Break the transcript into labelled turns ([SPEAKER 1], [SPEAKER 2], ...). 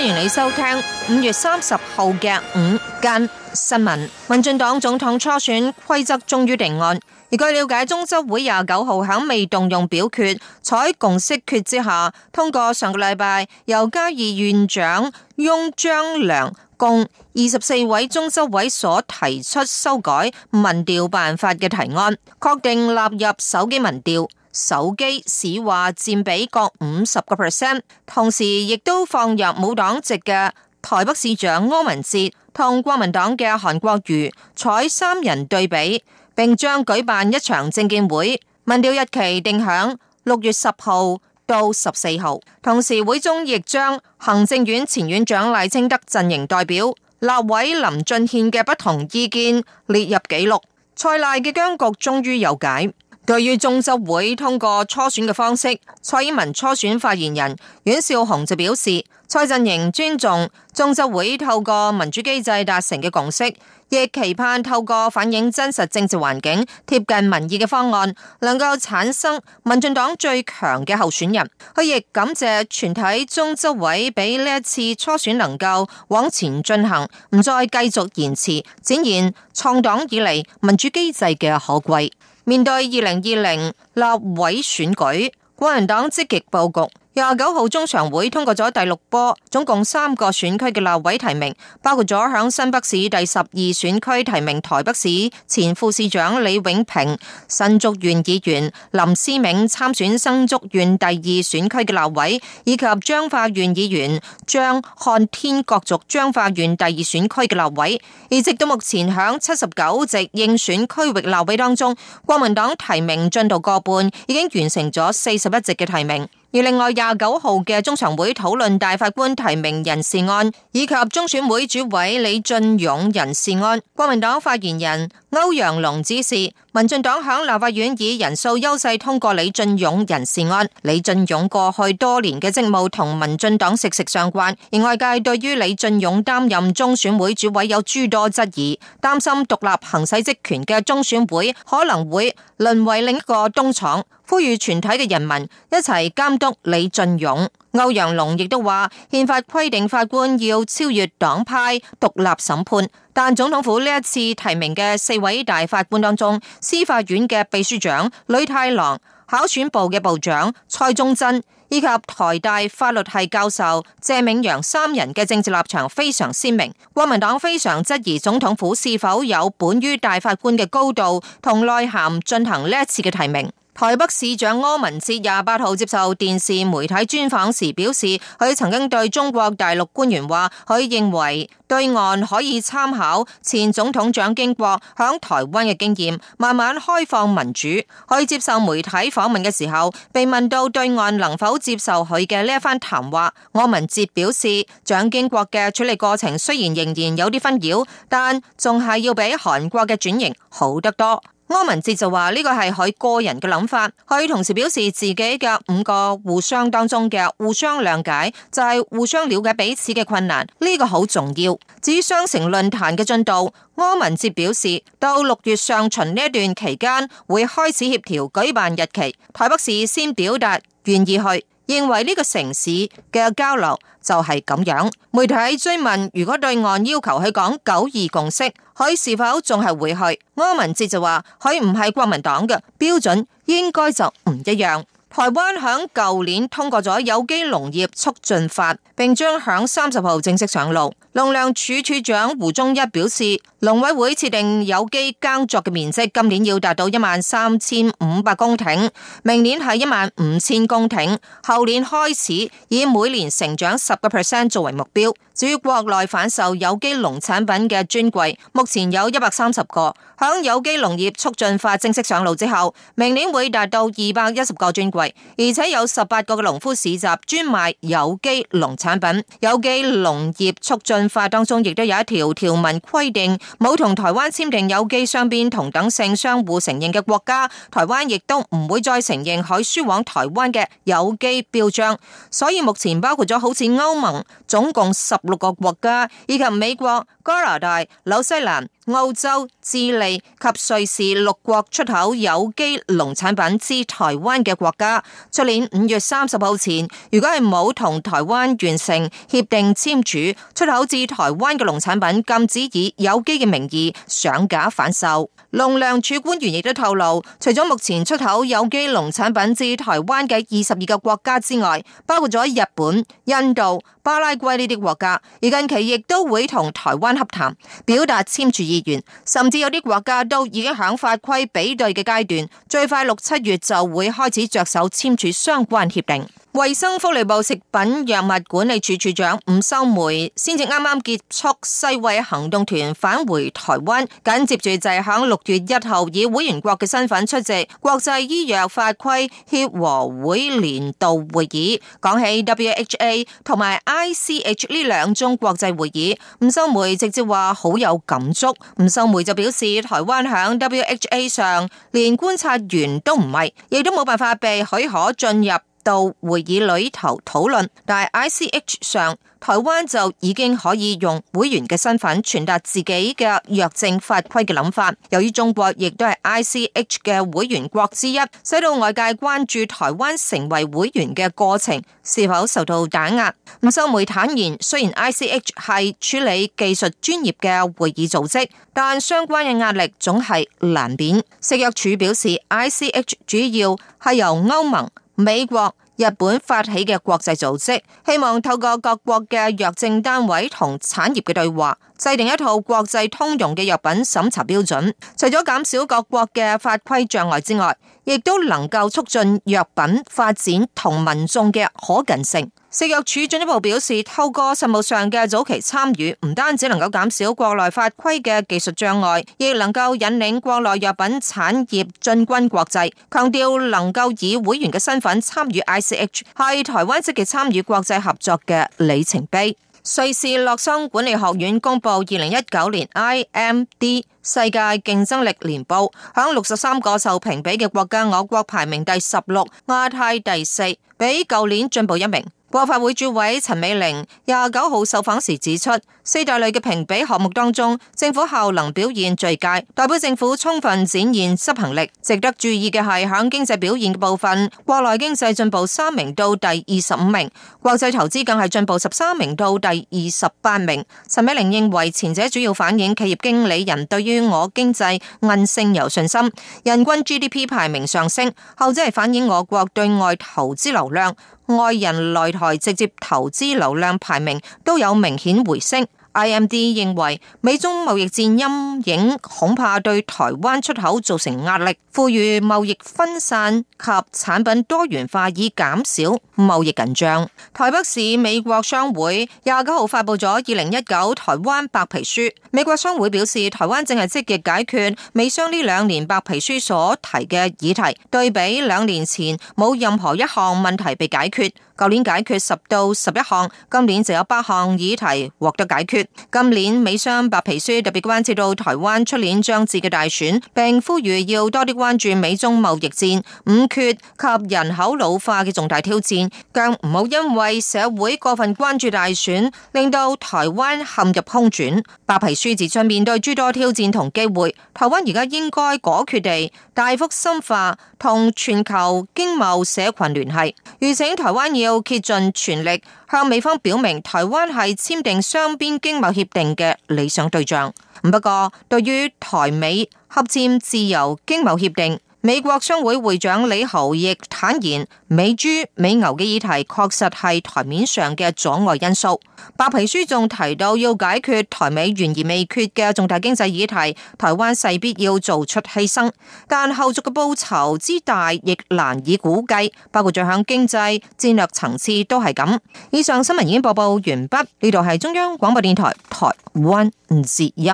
[SPEAKER 1] 歡迎你收聽五月三十號嘅午間新聞。民進黨總統初選規則終於定案，而據了解，中執會廿九號肯未動用表決，採共識決之下通過。上個禮拜由嘉義院長翁章梁，共二十四位中執委所提出修改民調辦法嘅提案，確定納入手機民調，手機市話占比各五十個 percent，同時亦都放入無黨籍嘅台北市長柯文哲同國民黨嘅韓國瑜，採三人對比，並將舉辦一場政見會，民調日期定響六月十號。到十四號，同時會中亦將行政院前院長賴清德陣營代表立委林俊憲嘅不同意見列入記錄，蔡賴嘅僵局終於有解。對於中執會通過初選嘅方式，蔡英文初選發言人阮昭雄就表示，蔡陣營尊重中執會透過民主機制達成嘅共識，亦期盼透過反映真實政治環境、貼近民意嘅方案，能夠產生民進黨最強嘅候選人。佢亦感謝全體中執委，俾呢一次初選能夠往前進行，唔再繼續延遲，展現創黨以嚟民主機制嘅可貴。面對二零二零立委選舉，國民黨積極佈局。廿九號中常會通過咗第六波，總共三個選區嘅立委提名，包括咗響新北市第十二選區提名台北市前副市長李永平、新竹縣議員林思銘參選新竹縣第二選區嘅立委，以及彰化縣議員張漢天角逐彰化縣第二選區嘅立委。而直到目前，響七十九席應選區域立委當中，國民黨提名進度過半，已經完成咗四十一席嘅提名。而另外廿九號嘅中常會討論大法官提名人事案，以及中選會主委李進勇人事案。國民黨發言人。歐陽龍指示，民進黨響立法院以人數優勢通過李進勇人事案。李進勇過去多年嘅職務同民進黨息息相關，而外界對於李進勇擔任中選會主委有諸多質疑，擔心獨立行使職權嘅中選會可能會淪為另一個東廠，呼籲全體嘅人民一齊監督李進勇。歐陽龍亦都話，憲法規定法官要超越黨派，獨立審判。但總統府呢一次提名嘅四位大法官當中，司法院嘅秘書長呂太郎、考選部嘅部長蔡宗真以及台大法律系教授謝銘洋三人嘅政治立場非常鮮明，國民黨非常質疑總統府是否有本於大法官嘅高度同內涵進行呢一次嘅提名。台北市長柯文哲廿八號接受電視媒體專訪時表示，佢曾經對中國大陸官員話，佢認為對岸可以參考前總統蔣經國響台灣嘅經驗，慢慢開放民主。佢接受媒體訪問嘅時候，被問到對岸能否接受佢嘅呢一番談話，柯文哲表示，蔣經國嘅處理過程雖然仍然有啲紛擾，但仲係要比韓國嘅轉型好得多。柯文哲就話呢個係佢個人嘅諗法，佢同時表示自己嘅五個互相當中嘅互相諒解就係、是、互相了解彼此嘅困難，呢、這個好重要。至於雙城論壇嘅進度，柯文哲表示到六月上旬呢段期間會開始協調舉辦日期，台北市先表達願意去。認為呢個城市嘅交流就係咁樣。媒體追問如果對岸要求佢講九二共識，佢是否仲係會去？柯文哲就話佢唔係國民黨嘅標準，應該就唔一樣。台灣響舊年通過咗有機農業促進法，並將響三十號正式上路。農糧署署長胡忠一表示，農委會設定有機耕作嘅面積今年要達到一萬三千五百公頃，明年係一萬五千公頃，後年開始以每年成長十個 percent 作為目標。至於國內販售有機農產品嘅專櫃，目前有一百三十個。響有機農業促進法正式上路之後，明年會達到二百一十個專櫃。而且有十八個嘅農夫市集專賣有機農產品，有機農業促進法當中亦都有一條條文規定，冇同台灣簽訂有機雙邊同等性相互承認嘅國家，台灣亦都唔會再承認海輸往台灣嘅有機標章。所以目前包括咗好似歐盟總共十六個國家以及美國加拿大、紐西蘭、澳洲、智利及瑞士六國出口有機農產品至台灣嘅國家，出年五月三十號前，如果係冇同台灣完成協定簽署，出口至台灣嘅農產品禁止以有機嘅名義上架販售。農糧署官員亦都透露，除咗目前出口有機農產品至台灣嘅二十二個國家之外，包括咗日本、印度、巴拉圭呢啲國家，而近期亦都會同台灣。合談，表達簽署意願，甚至有啲國家都已經喺法規比對嘅階段，最快六七月就會開始着手簽署相關協定。衛生福利部食品藥物管理處處長吳秀梅，先至啱啱結束世衛行動團返回台灣，緊接住就係響六月一號以會員國嘅身份出席國際醫藥法規協和會年度會議。講起 WHA 同埋 ICH 呢兩宗國際會議，吳秀梅直接話好有感觸。吳秀梅就表示台灣，台灣響 WHA 上連觀察員都唔係，亦都冇辦法被許可進入，到會議裡頭討論，但係 ICH 上台灣就已經可以用會員嘅身份傳達自己嘅藥政法規嘅諗法。由於中國亦都係 ICH 嘅會員國之一，使到外界關注台灣成為會員嘅過程是否受到打壓。吳秀梅坦言，雖然 ICH 係處理技術專業嘅會議組織，但相關嘅壓力總係難免。食藥署表示 ，ICH 主要係由歐盟、美國、日本發起嘅國際組織，希望透過各國嘅藥政單位同產業嘅對話，制定一套國際通用嘅藥品審查標準。除咗減少各國嘅法規障礙之外，亦都能夠促進藥品發展同民眾嘅可近性。食藥署進一步表示，透過實務上嘅早期參與，唔單止能夠減少國內法規嘅技術障礙，亦能夠引領國內藥品產業進軍國際。強調能夠以會員嘅身份參與 ICH，係台灣積極參與國際合作嘅里程碑。瑞士洛桑管理學院公布二零一九年 IMD 世界競爭力年報，響六十三個受評比嘅國家，我國排名第十六，亞太第四，比舊年進步一名。國發會主委陳美伶廿九號受訪時指出，四大類嘅評比項目當中，政府效能表現最佳，代表政府充分展現執行力。值得注意嘅係，響經濟表現嘅部分，國內經濟進步三名到第二十五名，國際投資更係進步十三名到第二十八名。陳美伶認為，前者主要反映企業經理人對於我經濟韌性有信心，人均 GDP 排名上升；後者係反映我國對外投資流量。外人來台直接投資流量排名都有明顯回升。IMD 認為美中貿易戰陰影恐怕對台灣出口造成壓力，呼籲貿易分散及產品多元化以減少貿易緊張。台北市美國商會廿九號發布咗二零一九台灣白皮書。美國商會表示，台灣正係積極解決美商呢兩年白皮書所提嘅議題。對比兩年前，冇任何一項問題被解決，舊年解決十到十一項，今年就有八項議題獲得解決。今年美商白皮書特別關注到台灣出年將至嘅大選，並呼籲要多啲關注美中貿易戰、五缺及人口老化嘅重大挑戰，更唔好因為社會過分關注大選，令到台灣陷入空轉。白皮書指出，面對諸多挑戰同機會，台灣而家應該果決地大幅深化同全球經貿社群聯繫。籲請台灣要竭盡全力向美方表明，台灣係簽訂雙邊經貿協定嘅理想對象，不過對於台美洽簽自由經貿協定，美國商會會長李豪亦坦言，美豬、美牛嘅議題確實係台面上嘅阻礙因素。白皮書仲提到，要解決台美懸而未決嘅重大經濟議題，台灣勢必要做出犧牲，但後續嘅報酬之大亦難以估計，包括在向經濟戰略層次都係咁。以上新聞已經播報，報完畢，呢度係中央廣播電台台灣節目。